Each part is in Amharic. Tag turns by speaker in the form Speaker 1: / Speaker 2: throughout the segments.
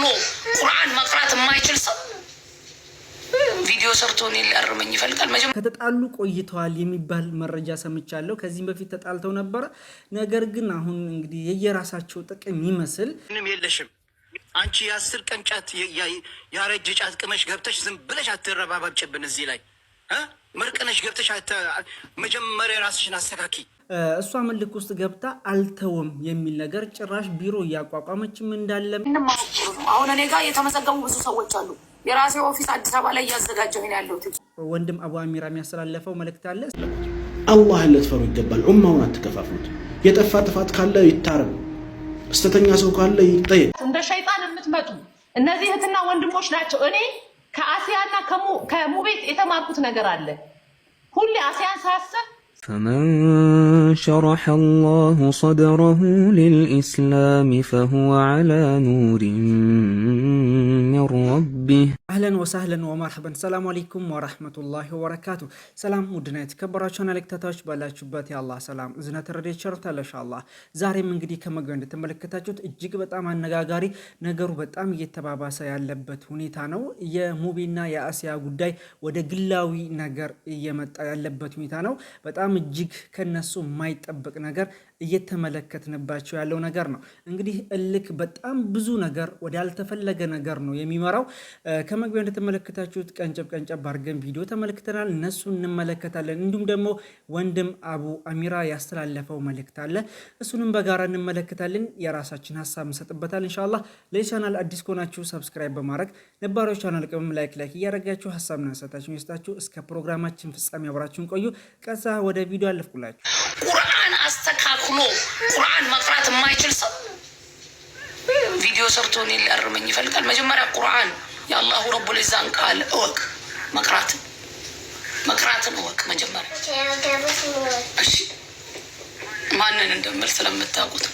Speaker 1: ብሎ ቁርአን መቅራት የማይችል ሰው ቪዲዮ ሰርቶ እኔ ሊያርመኝ ይፈልጋል።
Speaker 2: ከተጣሉ ቆይተዋል የሚባል መረጃ ሰምቻለሁ። ከዚህም በፊት ተጣልተው ነበረ። ነገር ግን አሁን እንግዲህ የየራሳቸው ጥቅም ይመስል
Speaker 1: ምንም የለሽም። አንቺ የአስር ቀን ጫት ያረጀ ጫት ቅመሽ ገብተሽ ዝም ብለሽ አትረባባብጭብን እዚህ ላይ መርቀነሽ ገብተሽ መጀመሪያ ራስሽን አስተካኪ።
Speaker 2: እሷ ምልክ ውስጥ ገብታ አልተውም የሚል ነገር ጭራሽ ቢሮ እያቋቋመችም እንዳለም
Speaker 1: አሁን እኔ ጋር የተመዘገቡ ብዙ ሰዎች አሉ። የራሴ ኦፊስ አዲስ አበባ ላይ እያዘጋጀሁ ነው ያለሁት።
Speaker 2: ወንድም አቡ አሚራ የሚያስተላለፈው መልእክት አለ።
Speaker 3: አላህን ልትፈሩ ይገባል። ኡማውን አትከፋፍሉት። የጠፋ ጥፋት ካለ ይታረም። እስተተኛ ሰው ካለ ይጠየቅ።
Speaker 1: እንደ ሸይጣን የምትመጡ እነዚህ እህትና ወንድሞች ናቸው እኔ ከአሲያና ከሙቤት የተማርኩት ነገር አለ። ሁሌ አሲያን ሳስብ
Speaker 4: فمن شرح الله صدره للإسلام فهو على نور من ربه
Speaker 2: أهلا وسهلا ومرحبا السلام عليكم ورحمة الله وبركاته ሰላም ውድና የተከበራችሁ ተመልካቾች ባላችሁበት የአላህ ሰላም እዝነት ረድኤት ቸርታ አላህ። ዛሬም እንግዲህ ከመግቢያው እንደተመለከታችሁት እጅግ በጣም አነጋጋሪ ነገሩ በጣም እየተባባሰ ያለበት ሁኔታ ነው። የሙቢና የአሲያ ጉዳይ ወደ ግላዊ ነገር እየመጣ ያለበት ሁኔታ ነው በጣም በጣም እጅግ ከነሱ የማይጠበቅ ነገር እየተመለከትንባቸው ያለው ነገር ነው። እንግዲህ እልክ በጣም ብዙ ነገር ወዳልተፈለገ ነገር ነው የሚመራው። ከመግቢያው እንደተመለከታችሁት ቀንጨብ ቀንጨብ አድርገን ቪዲዮ ተመልክተናል። እነሱ እንመለከታለን። እንዲሁም ደግሞ ወንድም አቡ አሚራ ያስተላለፈው መልእክት አለ። እሱንም በጋራ እንመለከታለን። የራሳችን ሀሳብ እንሰጥበታል እንሻላ። ለቻናል አዲስ ከሆናችሁ ሰብስክራይብ በማድረግ ነባሪ ቻናል ቅም ላይክ ላይክ እያደረጋችሁ ሀሳብ ሰታችሁን ይስጣችሁ። እስከ ፕሮግራማችን ፍጻሜ አብራችሁን ቆዩ። ቀዛ ወደ ቪዲዮ አለፍኩላችሁ።
Speaker 1: አኩሎ ቁርአን መቅራት የማይችል ሰው ቪዲዮ ሰርቶ እኔን ሊያርመኝ ይፈልጋል። መጀመሪያ ቁርአን የአላሁ ረቡል ዒዛን ቃል እወቅ፣ መቅራትን መቅራትን እወቅ መጀመሪያ። እሺ ማንን እንደምል ስለምታውቁት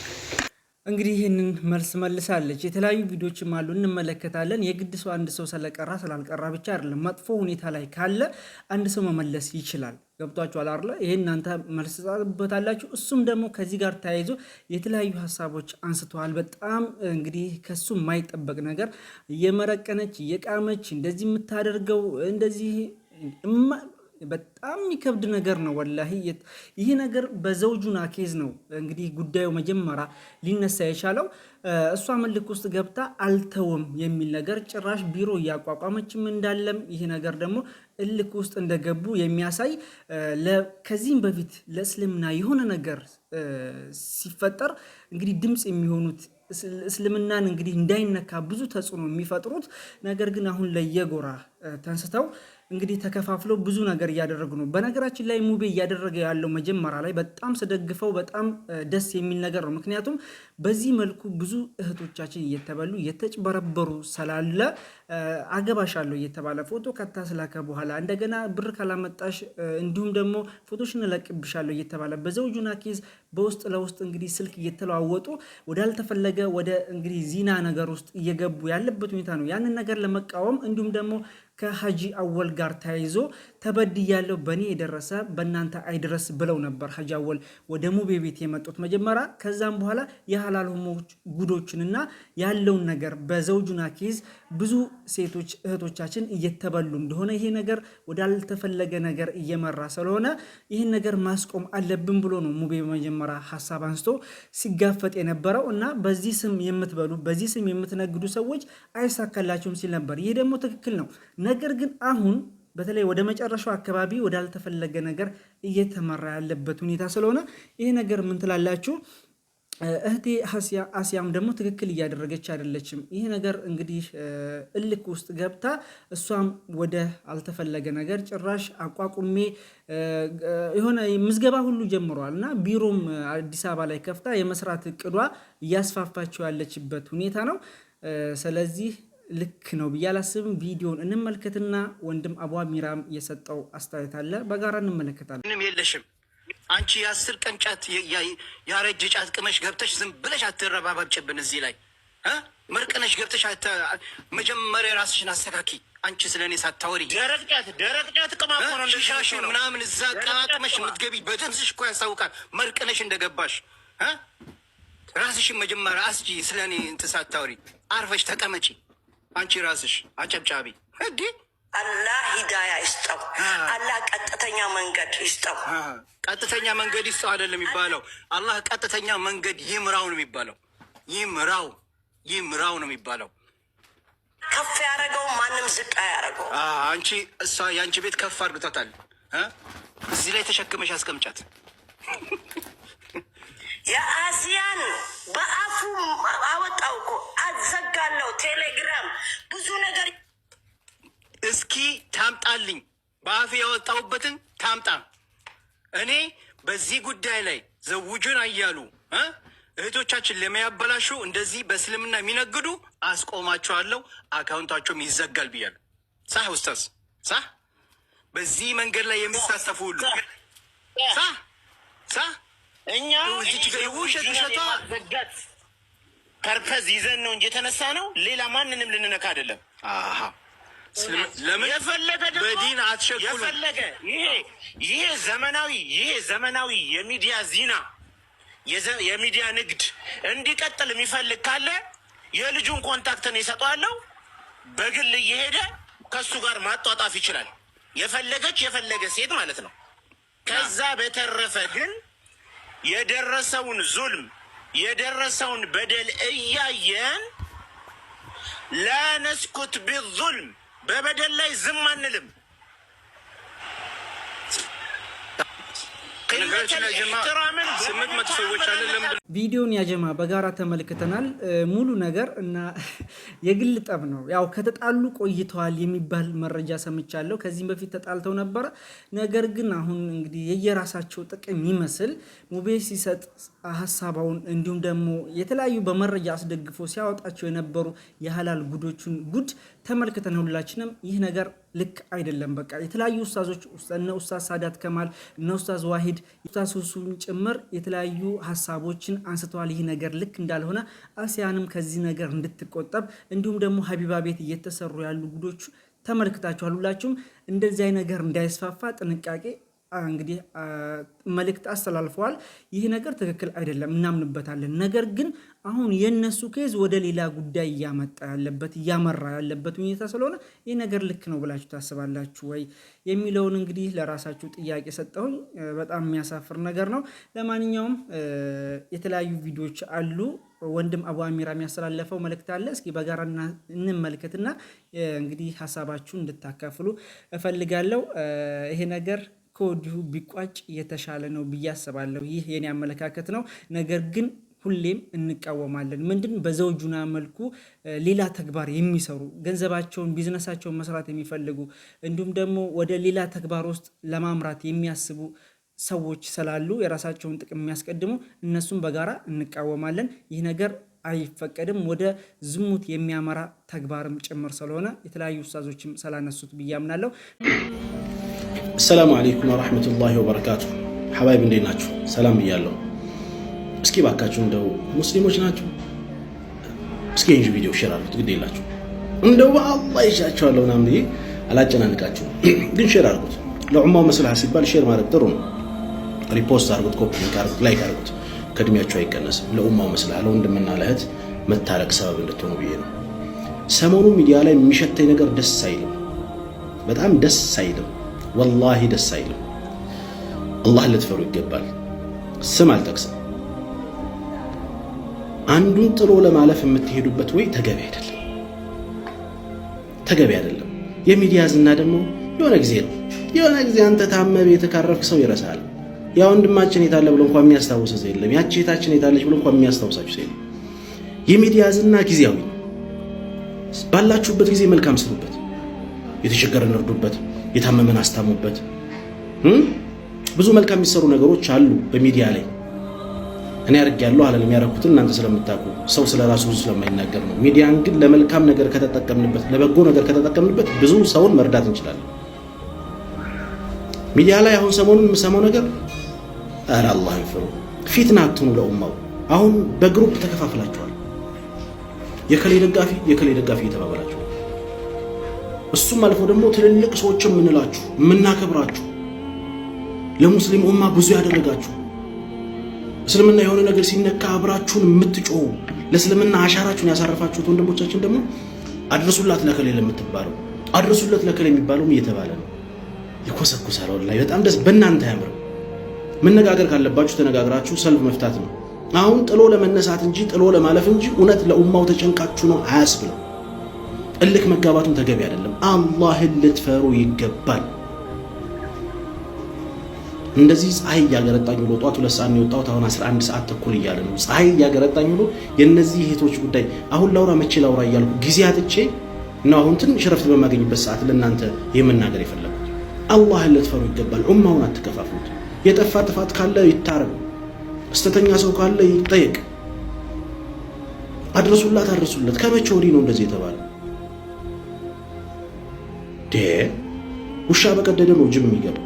Speaker 2: እንግዲህ ይህንን መልስ መልሳለች። የተለያዩ ቪዲዮችም አሉ እንመለከታለን። የግድ ሰው አንድ ሰው ስለቀራ ስላልቀራ ብቻ አይደለም፣ መጥፎ ሁኔታ ላይ ካለ አንድ ሰው መመለስ ይችላል። ገብቷችኋል አይደለ? ይህን እናንተ መልስ ትሰጡበታላችሁ። እሱም ደግሞ ከዚህ ጋር ተያይዞ የተለያዩ ሀሳቦች አንስተዋል። በጣም እንግዲህ ከሱ የማይጠበቅ ነገር እየመረቀነች እየቃመች እንደዚህ የምታደርገው እንደዚህ በጣም የሚከብድ ነገር ነው። ወላሂ ይህ ነገር በዘውጁና ኬዝ ነው እንግዲህ ጉዳዩ መጀመሪያ ሊነሳ የቻለው እሷ ምልክ ውስጥ ገብታ አልተውም የሚል ነገር ጭራሽ ቢሮ እያቋቋመችም እንዳለም ይህ ነገር ደግሞ እልክ ውስጥ እንደገቡ የሚያሳይ ከዚህም በፊት ለእስልምና የሆነ ነገር ሲፈጠር እንግዲህ ድምፅ የሚሆኑት እስልምናን እንግዲህ እንዳይነካ ብዙ ተጽዕኖ የሚፈጥሩት ነገር ግን አሁን ለየጎራ ተንስተው እንግዲህ ተከፋፍለው ብዙ ነገር እያደረጉ ነው። በነገራችን ላይ ሙቤ እያደረገ ያለው መጀመሪያ ላይ በጣም ስደግፈው በጣም ደስ የሚል ነገር ነው። ምክንያቱም በዚህ መልኩ ብዙ እህቶቻችን እየተበሉ እየተጭበረበሩ ስላለ አገባሻለሁ እየተባለ ፎቶ ከታስላከ በኋላ እንደገና ብር ካላመጣሽ እንዲሁም ደግሞ ፎቶሽን እለቅብሻለሁ እየተባለ በዘውጁና ኬዝ በውስጥ ለውስጥ እንግዲህ ስልክ እየተለዋወጡ ወዳልተፈለገ ወደ እንግዲህ ዚና ነገር ውስጥ እየገቡ ያለበት ሁኔታ ነው። ያንን ነገር ለመቃወም እንዲሁም ደግሞ ከሀጂ አወል ጋር ተያይዞ ተበድያለሁ፣ በእኔ የደረሰ በእናንተ አይድረስ ብለው ነበር ሀጂ አወል ወደ ሙቤ ቤት የመጡት መጀመሪያ። ከዛም በኋላ የሀላል ጉዶችንና ያለውን ነገር በዘውጁና ኬዝ ብዙ ሴቶች እህቶቻችን እየተበሉ እንደሆነ ይሄ ነገር ወዳልተፈለገ ነገር እየመራ ስለሆነ ይህን ነገር ማስቆም አለብን ብሎ ነው ሙቤ በመጀመሪያ ሀሳብ አንስቶ ሲጋፈጥ የነበረው እና በዚህ ስም የምትበሉ በዚህ ስም የምትነግዱ ሰዎች አይሳካላችሁም ሲል ነበር። ይህ ደግሞ ትክክል ነው። ነገር ግን አሁን በተለይ ወደ መጨረሻው አካባቢ ወዳልተፈለገ ነገር እየተመራ ያለበት ሁኔታ ስለሆነ ይህ ነገር ምን ትላላችሁ? እህቴ አሲያም ደግሞ ትክክል እያደረገች አይደለችም። ይህ ነገር እንግዲህ እልክ ውስጥ ገብታ እሷም ወደ አልተፈለገ ነገር ጭራሽ አቋቁሜ የሆነ ምዝገባ ሁሉ ጀምሯል እና ቢሮም አዲስ አበባ ላይ ከፍታ የመስራት እቅዷ እያስፋፋቸው ያለችበት ሁኔታ ነው። ስለዚህ ልክ ነው ብዬ አላስብም። ቪዲዮን እንመልከትና ወንድም አቧ ሚራም የሰጠው አስተያየት አለ፣ በጋራ እንመለከታለን።
Speaker 1: ምንም የለሽም አንቺ የአስር ቀን ጫት ያረጀ ጫት ቅመሽ ገብተሽ ዝም ብለሽ አትረባባብጭብን። እዚህ ላይ መርቅነሽ ገብተሽ መጀመሪያ ራስሽን አስተካኪ። አንቺ ስለ እኔ ሳታወሪ ደረቅ ምናምን እዛ ቀማቅመሽ የምትገቢ በደምስሽ እኮ ያስታውቃል። መርቅነሽ እንደገባሽ ራስሽን መጀመሪያ አስጂ። ስለ እኔ እንትን ሳታወሪ አርፈሽ ተቀመጪ። አንቺ ራስሽ አጨብጫቢ እንዴ አላህ ሂዳያ ይስጠው። አላህ ቀጥተኛ መንገድ ይስጠው። ቀጥተኛ መንገድ ይስጠው አይደለም የሚባለው፣ አላህ ቀጥተኛ መንገድ ይምራው ነው የሚባለው። ይምራው ይምራው ነው የሚባለው። ከፍ ያደረገው ማንም ዝቅ ያደረገው። አንቺ እሷ የአንቺ ቤት ከፍ አድርግቷታል። እዚህ ላይ ተሸክመሽ አስቀምጫት። የአሲያን በአፉ አወጣው እኮ አዘጋለው። ቴሌግራም ብዙ ነገር እስኪ ታምጣልኝ፣ በአፍ ያወጣሁበትን ታምጣ። እኔ በዚህ ጉዳይ ላይ ዘውጁን አያሉ እህቶቻችን ለሚያበላሹ እንደዚህ በእስልምና የሚነግዱ አስቆማቸዋለሁ፣ አካውንታቸውም ይዘጋል ብያሉ። ሳህ ኡስታዝ ሳህ በዚህ መንገድ ላይ የሚሳተፉ ሁሉ ሳህ ሳህ ፐርፐዝ ይዘን ነው እንጂ የተነሳ ነው። ሌላ ማንንም ልንነካ አይደለም። ለምን የፈለገ በዲን አትሸኩሉ። የፈለገ ይሄ ይሄ ዘመናዊ ይሄ ዘመናዊ የሚዲያ ዜና የሚዲያ ንግድ እንዲቀጥል የሚፈልግ ካለ የልጁን ኮንታክትን ይሰጠዋለሁ። በግል እየሄደ ከሱ ጋር ማጧጣፍ ይችላል። የፈለገች የፈለገ ሴት ማለት ነው። ከዛ በተረፈ ግን የደረሰውን ዙልም የደረሰውን በደል እያየን ላነስኩት ቢዙልም በበደል ላይ ዝም አንልም።
Speaker 2: ቪዲዮን ያጀማ በጋራ ተመልክተናል። ሙሉ ነገር እና የግል ጠብ ነው። ያው ከተጣሉ ቆይተዋል የሚባል መረጃ ሰምቻለሁ። ከዚህም በፊት ተጣልተው ነበረ። ነገር ግን አሁን እንግዲህ የየራሳቸው ጥቅም ይመስል ሙቤ ሲሰጥ ሀሳባውን እንዲሁም ደግሞ የተለያዩ በመረጃ አስደግፎ ሲያወጣቸው የነበሩ የሀላል ጉዶቹን ጉድ ተመልክተን ሁላችንም ይህ ነገር ልክ አይደለም። በቃ የተለያዩ ኡስታዞች እነ ኡስታዝ ሳዳት ከማል እነ ኡስታዝ ዋሂድ ኡስታዝ ሁሱም ጭምር የተለያዩ ሀሳቦችን አንስተዋል። ይህ ነገር ልክ እንዳልሆነ አሲያንም ከዚህ ነገር እንድትቆጠብ እንዲሁም ደግሞ ሀቢባ ቤት እየተሰሩ ያሉ ጉዶቹ ተመልክታችኋል። ሁላችሁም እንደዚያ ነገር እንዳይስፋፋ ጥንቃቄ እንግዲህ መልእክት አስተላልፈዋል። ይህ ነገር ትክክል አይደለም፣ እናምንበታለን። ነገር ግን አሁን የነሱ ኬዝ ወደ ሌላ ጉዳይ እያመጣ ያለበት እያመራ ያለበት ሁኔታ ስለሆነ ይህ ነገር ልክ ነው ብላችሁ ታስባላችሁ ወይ የሚለውን እንግዲህ ለራሳችሁ ጥያቄ ሰጠሁኝ። በጣም የሚያሳፍር ነገር ነው። ለማንኛውም የተለያዩ ቪዲዮዎች አሉ። ወንድም አቡ አሚራ የሚያስተላለፈው መልእክት አለ። እስኪ በጋራ እንመልከትና እንግዲህ ሀሳባችሁን እንድታካፍሉ እፈልጋለሁ። ይሄ ነገር ከወዲሁ ቢቋጭ የተሻለ ነው ብዬ አስባለሁ። ይህ የኔ አመለካከት ነው። ነገር ግን ሁሌም እንቃወማለን። ምንድን በዘውጁና መልኩ ሌላ ተግባር የሚሰሩ ገንዘባቸውን፣ ቢዝነሳቸውን መስራት የሚፈልጉ እንዲሁም ደግሞ ወደ ሌላ ተግባር ውስጥ ለማምራት የሚያስቡ ሰዎች ስላሉ የራሳቸውን ጥቅም የሚያስቀድሙ እነሱን በጋራ እንቃወማለን። ይህ ነገር አይፈቀድም። ወደ ዝሙት የሚያመራ ተግባርም ጭምር ስለሆነ የተለያዩ ውሳዞችም ስላነሱት ብዬ አምናለሁ።
Speaker 3: አሰላሙ አለይኩም ወራህመቱላሂ ወበረካቱ። ሀባይብ እንዴት ናችሁ? ሰላም ብያለሁ። እስኪ ባካችሁ እንደው ሙስሊሞች ናችሁ፣ እስኪ እንጂ ቪዲዮ ሼር አድርጉት፣ ግድ የላችሁ እንደው በአላህ ይሻቸዋለሁ ምናምን ብዬ አላጨናንቃችሁ፣ ግን ሼር አድርጉት። ለዑማው መስልሃ ሲባል ሼር ማድረግ ጥሩ ነው። ሪፖስት አድርጉት፣ ኮፒ ሊንክ አድርጉት፣ ላይክ አድርጉት። ከእድሜያቸው አይቀነስም። ለዑማው መስልሃ ለወንድምና ለእህት መታረቅ ሰበብ እንድትሆኑ ብዬ ነው። ሰሞኑ ሚዲያ ላይ የሚሸተኝ ነገር ደስ አይልም፣ በጣም ደስ አይልም። ወላሂ ደስ አይልም። አላህ ልትፈሩ ይገባል። ስም አልጠቅስም። አንዱን ጥሎ ለማለፍ የምትሄዱበት ወይ ተገቢ አይደለም፣ ተገቢ አይደለም። የሚዲያ ዝና ደግሞ የሆነ ጊዜ ነው። የሆነ ጊዜ አንተ ታመ ቤት ካረፍክ ሰው ይረሳል። ያ ወንድማችን የታለ ብሎ እንኳ የሚያስታውሰ ሰው የለም። ያቺ የታችን የታለች ብሎ እንኳ የሚያስታውሳችሁ ሰው የለም። የሚዲያ ዝና ጊዜያዊ። ባላችሁበት ጊዜ መልካም ስሩበት፣ የተቸገረን እርዱበት። የታመመን አስታሙበት። ብዙ መልካም የሚሰሩ ነገሮች አሉ በሚዲያ ላይ እኔ ያለው አለ የሚያደርጉትን እናንተ ስለምታውቁ ሰው ስለ ራሱ ብዙ ስለማይናገር ነው። ሚዲያን ግን ለመልካም ነገር ከተጠቀምንበት፣ ለበጎ ነገር ከተጠቀምንበት ብዙ ሰውን መርዳት እንችላለን። ሚዲያ ላይ አሁን ሰሞኑን የምሰማው ነገር ኧረ አላህ ይፍሩ፣ ፊትና አትኑ ለኡማው። አሁን በግሩፕ ተከፋፍላችኋል፣ የከሌ ደጋፊ የከሌ ደጋፊ እየተባባላችሁ እሱም አልፎ ደግሞ ትልልቅ ሰዎች የምንላችሁ የምናከብራችሁ ለሙስሊም ኡማ ብዙ ያደረጋችሁ እስልምና የሆነ ነገር ሲነካ አብራችሁን የምትጮሁ ለእስልምና አሻራችሁን ያሳረፋችሁት ወንድሞቻችን ደግሞ አድርሱላት ለከሌ ለምትባለው አድርሱለት ለከሌ የሚባለውም እየተባለ ነው። ይኮሰኩሳል። ወላሂ በጣም ደስ በእናንተ ያምር። መነጋገር ካለባችሁ ተነጋግራችሁ ሰልፍ መፍታት ነው። አሁን ጥሎ ለመነሳት እንጂ ጥሎ ለማለፍ እንጂ እውነት ለኡማው ተጨንቃችሁ ነው አያስብለው። እልክ መጋባቱም ተገቢ አይደለም። አላህን ልትፈሩ ይገባል። እንደዚህ ፀሐይ እያገረጣኝ ብሎ ጠዋት ሁለት ሰዓት የወጣሁት። አሁን 11 ሰዓት ተኩል እያለ ነው። ፀሐይ እያገረጣኝ ብሎ የእነዚህ እህቶች ጉዳይ አሁን ላውራ መቼ ላውራ እያልኩ ጊዜ አጥቼ ነው አሁን ትንሽ ረፍት በማገኝበት ሰዓት ለእናንተ የመናገር የፈለጉት። አላህን ልትፈሩ ይገባል። ኡማውን አትከፋፍሉት። የጠፋ ጥፋት ካለ ይታረም። ስተተኛ ሰው ካለ ይጠየቅ። አድርሱላት አድርሱለት። ከመቼ ወዲህ ነው እንደዚህ የተባለ? ውሻ በቀደደ ነው ጅብ የሚገባ።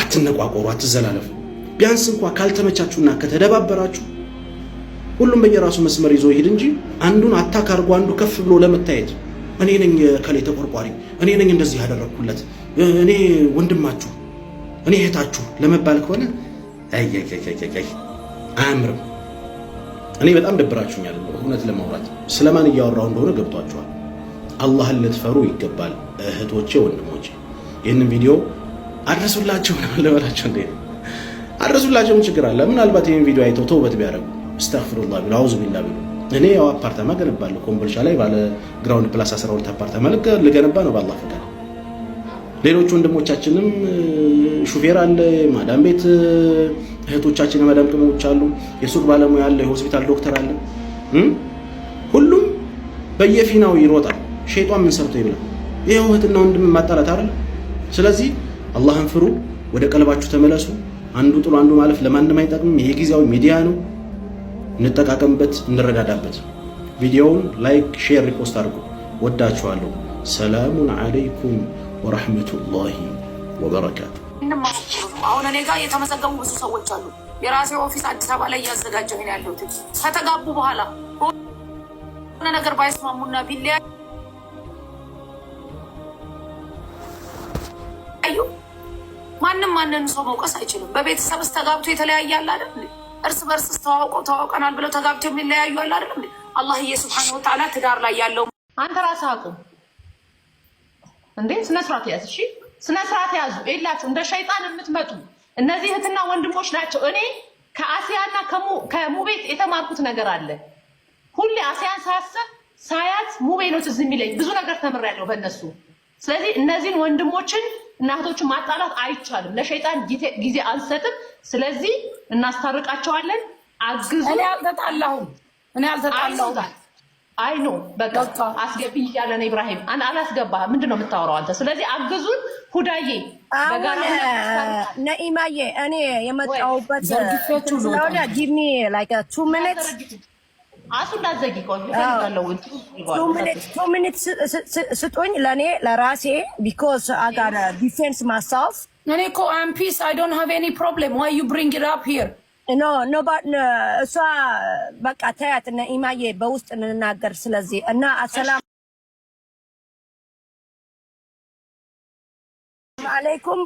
Speaker 3: አትነቋቆሩ፣ አትዘላለፉ። ቢያንስ እንኳ ካልተመቻችሁና ከተደባበራችሁ ሁሉም በየራሱ መስመር ይዞ ይሄድ እንጂ አንዱን አታክ አድርጎ አንዱ ከፍ ብሎ ለመታየት እኔ ነኝ ከሌ ተቆርቋሪ፣ እኔ ነኝ እንደዚህ ያደረግኩለት፣ እኔ ወንድማችሁ፣ እኔ እህታችሁ ለመባል ከሆነ አያምርም። እኔ በጣም ደብራችሁኛል፣ እውነት ለማውራት ስለማን እያወራሁ እንደሆነ ገብቷችኋል። አላህን ልትፈሩ ይገባል እህቶቼ፣ ወንድሞቼ። ይህንን ቪዲዮ አድረሱላቸው ለበላቸው እንዴ አድረሱላቸውም ችግር አለ። ምናልባት ይህን ቪዲዮ አይተው ተውበት ቢያደርጉ እስተግፍሩላህ ቢሉ አውዙ ቢላ ቢሉ እኔ ያው አፓርታማ ገነባለሁ ኮምቦልቻ ላይ ባለ ግራውንድ ፕላስ 12 አፓርታማ ልገነባ ነው በአላህ ፈቃድ። ሌሎች ወንድሞቻችንም ሹፌር አለ፣ ማዳም ቤት እህቶቻችን የማዳም ቅመሞች አሉ፣ የሱቅ ባለሙያ አለ፣ የሆስፒታል ዶክተር አለ። ሁሉም በየፊናው ይሮጣል። ሸይጣን ምን ሰርቶ ይብላ? ይሄ እህትና ወንድም ማጣላት አይደል? ስለዚህ አላህን ፍሩ፣ ወደ ቀልባችሁ ተመለሱ። አንዱ ጥሎ አንዱ ማለፍ ለማንም አይጠቅምም። ይሄ ጊዜያዊ ሚዲያ ነው፣ እንጠቃቀምበት፣ እንረዳዳበት። ቪዲዮውን ላይክ፣ ሼር፣ ሪፖስት አድርጉ። ወዳችኋለሁ። ሰላሙን አለይኩም ወራህመቱላሂ ወበረካቱ።
Speaker 1: አሁን እኔ ጋር የተመዘገቡ ብዙ ሰዎች አሉ። የራሴ ኦፊስ አዲስ አበባ ላይ እያዘጋጀሁ ያለሁት ከተጋቡ በኋላ ሆነ ነገር ባይስማሙና ቢለያ ማንም ማንን ሰው መውቀስ አይችልም። በቤተሰብ በቤተሰብስ ተጋብቶ የተለያየ አለ አይደል? እርስ በእርስ ተዋውቀው ተዋውቀናል ብለው ተጋብቶ የሚለያዩ አለ አይደል? አላህ ስብሐነሁ ወተዓላ ትዳር ላይ ያለው አንተ ራስህ አቁም እንዴ! ስነ ስርዓት ያዝ። እሺ ስነ ስርዓት ያዙ። የላችሁ እንደ ሸይጣን የምትመጡ እነዚህ እህትና ወንድሞች ናቸው። እኔ ከአሲያና ከሙቤት የተማርኩት ነገር አለ። ሁሌ አሲያን ሳያስብ ሳያት ሙቤ ነው ትዝ የሚለኝ። ብዙ ነገር ተምሬያለሁ በእነሱ። ስለዚህ እነዚህን ወንድሞችን እናቶቹ ማጣላት አይቻልም። ለሸይጣን ጊዜ አልሰጥም። ስለዚህ እናስታርቃቸዋለን። አግዙ። እኔ አልተጣላሁም። እኔ አልተጣላሁም። አይ ኖ በቃ አስገቢ እያለ ነው ኢብራሂም። አላስገባህም። ምንድን ነው የምታወራው አንተ? ስለዚህ አግዙን። ሁዳዬ
Speaker 5: ነኢማዬ፣ እኔ የመጣሁበት ሚ ላይክ ቱ ሚኒትስ
Speaker 1: አሱ እንዳዘጊ ቆይ እፈልጋለሁ።
Speaker 5: ስጡኝ ለእኔ ለራሴ ቢኮዝ አጋር ዲፌንስ ማሳፍ
Speaker 6: እኔ እኮ አም ፒስ አይ ዶንት ሃቭ ኤኒ ፕሮብሌም ዋይ ዩ ብሪንግ ኢት አፕ ሂር
Speaker 5: ኖ ኖ እሷ በቃ ተያት እና ኢማዬ በውስጥ እንናገር። ስለዚህ እና አሰላም አለይኩም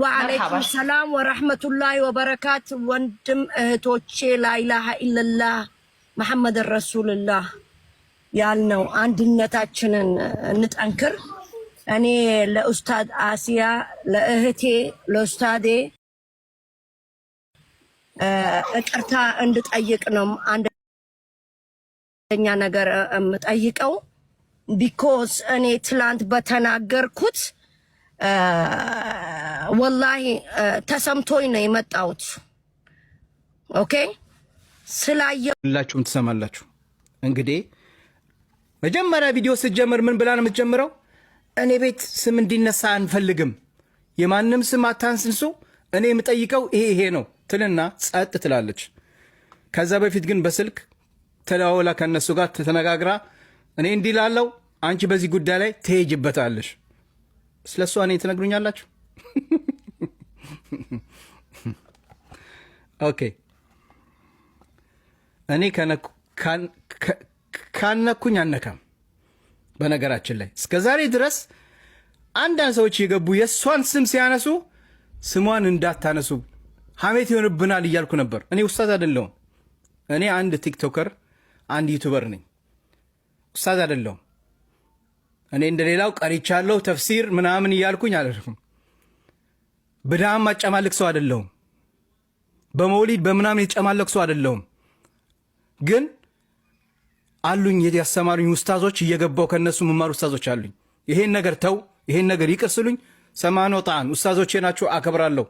Speaker 5: ወአለይኩም ሰላም ወረሕመቱላሂ ወበረካት ወንድም እህቶቼ ላኢላሃ ኢለላህ መሐመድ ረሱልላህ ያልነው አንድነታችንን እንጠንክር። እኔ ለኡስታድ አሲያ ለእህቴ ለኡስታዴ እቅርታ እንድጠይቅ ነው አንደኛ ነገር የምጠይቀው። ቢኮዝ እኔ ትላንት በተናገርኩት ወላሂ ተሰምቶኝ ነው የመጣሁት። ኦኬ ስላየ
Speaker 2: ሁላችሁም ትሰማላችሁ። እንግዲህ መጀመሪያ ቪዲዮ ስትጀምር ምን ብላ ነው የምትጀምረው? እኔ ቤት ስም እንዲነሳ አንፈልግም፣ የማንም ስም አታንስንሱ፣ እኔ የምጠይቀው ይሄ ይሄ ነው ትልና ጸጥ ትላለች። ከዛ በፊት ግን በስልክ ተደዋውላ ከእነሱ ጋር ተነጋግራ እኔ እንዲህ ላለው አንቺ በዚህ ጉዳይ ላይ ትሄጅበታለሽ፣ ስለ እሷ እኔ ትነግሩኛላችሁ። ኦኬ እኔ ካነኩኝ አነካም። በነገራችን ላይ እስከ ዛሬ ድረስ አንዳንድ ሰዎች የገቡ የእሷን ስም ሲያነሱ ስሟን እንዳታነሱ ሀሜት ይሆንብናል እያልኩ ነበር። እኔ ውስታዝ አይደለሁም። እኔ አንድ ቲክቶከር፣ አንድ ዩቱበር ነኝ። ውስታዝ አይደለሁም። እኔ እንደሌላው ቀሪቻለሁ ተፍሲር ምናምን እያልኩኝ አልርፍም። ብዳም አጨማልቅ ሰው አይደለሁም። በመውሊድ በምናምን የጨማለቅ ሰው አይደለሁም። ግን አሉኝ ያስተማሩኝ ውስታዞች እየገባው ከነሱ መማር ውስታዞች አሉኝ። ይሄን ነገር ተው፣ ይሄን ነገር ይቅር ስሉኝ ሰማኖ ጣን ውስታዞቼ ናቸው አከብራለሁ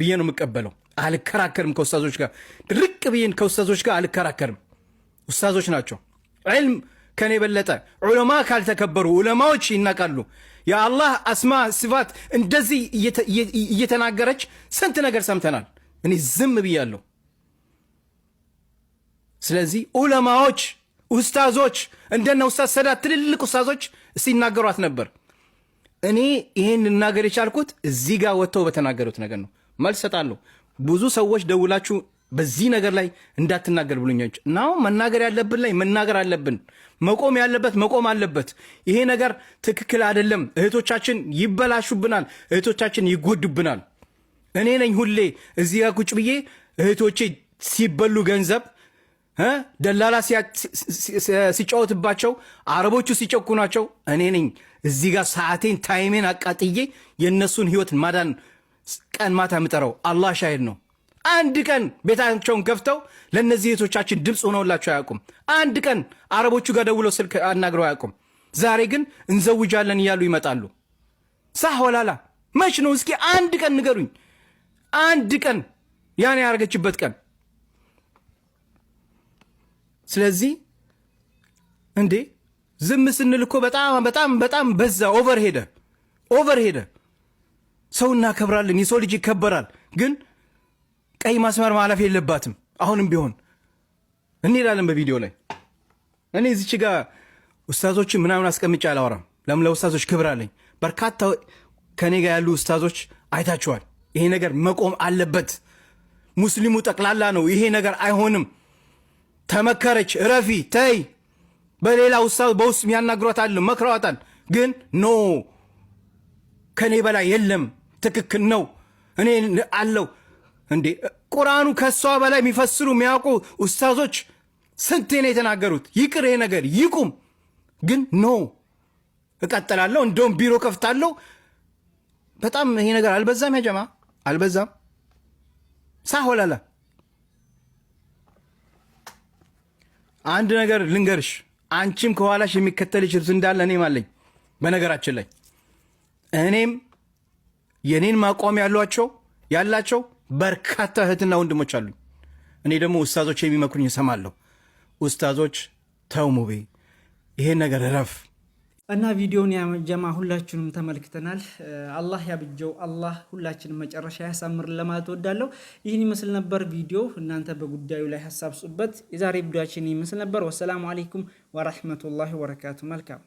Speaker 2: ብዬ ነው የምቀበለው። አልከራከርም ከውስታዞች ጋር ድርቅ ብዬን ከውስታዞች ጋር አልከራከርም። ውስታዞች ናቸው። ዕልም ከኔ የበለጠ ዑለማ ካልተከበሩ ዑለማዎች ይናቃሉ። የአላህ አስማ ስፋት እንደዚህ እየተናገረች ስንት ነገር ሰምተናል። እኔ ዝም ብያለሁ። ስለዚህ ዑለማዎች፣ ኡስታዞች እንደነ ኡስታዝ ሰዳት ትልልቅ ኡስታዞች ሲናገሯት ነበር። እኔ ይህን ልናገር የቻልኩት እዚህ ጋር ወጥተው በተናገሩት ነገር ነው። መልስ ሰጣለሁ። ብዙ ሰዎች ደውላችሁ በዚህ ነገር ላይ እንዳትናገር ብሉኛች እና መናገር ያለብን ላይ መናገር አለብን። መቆም ያለበት መቆም አለበት። ይሄ ነገር ትክክል አይደለም። እህቶቻችን ይበላሹብናል፣ እህቶቻችን ይጎዱብናል። እኔ ነኝ ሁሌ እዚህ ጋር ቁጭ ብዬ እህቶቼ ሲበሉ ገንዘብ ደላላ ሲጫወትባቸው አረቦቹ ሲጨኩናቸው እኔ ነኝ እዚህ ጋር ሰዓቴን ታይሜን አቃጥዬ የእነሱን ህይወት ማዳን ቀን ማታ የምጠራው አላህ ሻሂድ ነው። አንድ ቀን ቤታቸውን ከፍተው ለእነዚህ እህቶቻችን ድምፅ ሆነውላቸው አያውቁም። አንድ ቀን አረቦቹ ጋር ደውለው ስልክ አናግረው አያውቁም። ዛሬ ግን እንዘውጃለን እያሉ ይመጣሉ። ሳህ ወላላ መች ነው? እስኪ አንድ ቀን ንገሩኝ። አንድ ቀን ያን ያረገችበት ቀን ስለዚህ እንዴ ዝም ስንል እኮ በጣም በጣም በጣም በዛ። ኦቨር ሄደ፣ ኦቨር ሄደ። ሰው እናከብራለን፣ የሰው ልጅ ይከበራል። ግን ቀይ ማስመር ማለፍ የለባትም። አሁንም ቢሆን እንሄዳለን። በቪዲዮ ላይ እኔ እዚች ጋር ኡስታዞችን ምናምን አስቀምጬ አላወራም። ለምን? ለኡስታዞች ክብር አለኝ። በርካታ ከኔ ጋር ያሉ ኡስታዞች አይታችኋል። ይሄ ነገር መቆም አለበት። ሙስሊሙ ጠቅላላ ነው። ይሄ ነገር አይሆንም። ተመከረች። እረፊ ተይ። በሌላ ውሳ በውስጥ የሚያናግሯታል መክረዋታል። ግን ኖ ከእኔ በላይ የለም። ትክክል ነው። እኔ አለው እንዴ ቁርአኑ ከእሷ በላይ የሚፈስሩ የሚያውቁ ኡስታዞች ስንቴ ነው የተናገሩት? ይቅር ነገር ይቁም። ግን ኖ እቀጥላለሁ። እንደውም ቢሮ ከፍታለሁ። በጣም ይሄ ነገር አልበዛም? ያጀማ አልበዛም? ሳሆላላ አንድ ነገር ልንገርሽ፣ አንቺም ከኋላሽ የሚከተልሽ ህዝብ እንዳለ እኔም አለኝ። በነገራችን ላይ እኔም የኔን ማቋም ያሏቸው ያላቸው በርካታ እህትና ወንድሞች አሉኝ። እኔ ደግሞ ኡስታዞች የሚመክሩኝ እሰማለሁ። ኡስታዞች ተው ሙቤ፣ ይሄን ነገር እረፍ እና ቪዲዮን ያጀማ ሁላችንም ተመልክተናል። አላህ ያብጀው፣ አላህ ሁላችንም መጨረሻ ያሳምር ለማለት ወዳለው። ይህን ይመስል ነበር ቪዲዮ። እናንተ በጉዳዩ ላይ ሀሳብ ስጡበት። የዛሬ ቪዲዮችን ይመስል ነበር። ወሰላሙ አሌይኩም ወረህመቱላሂ ወበረካቱ። መልካም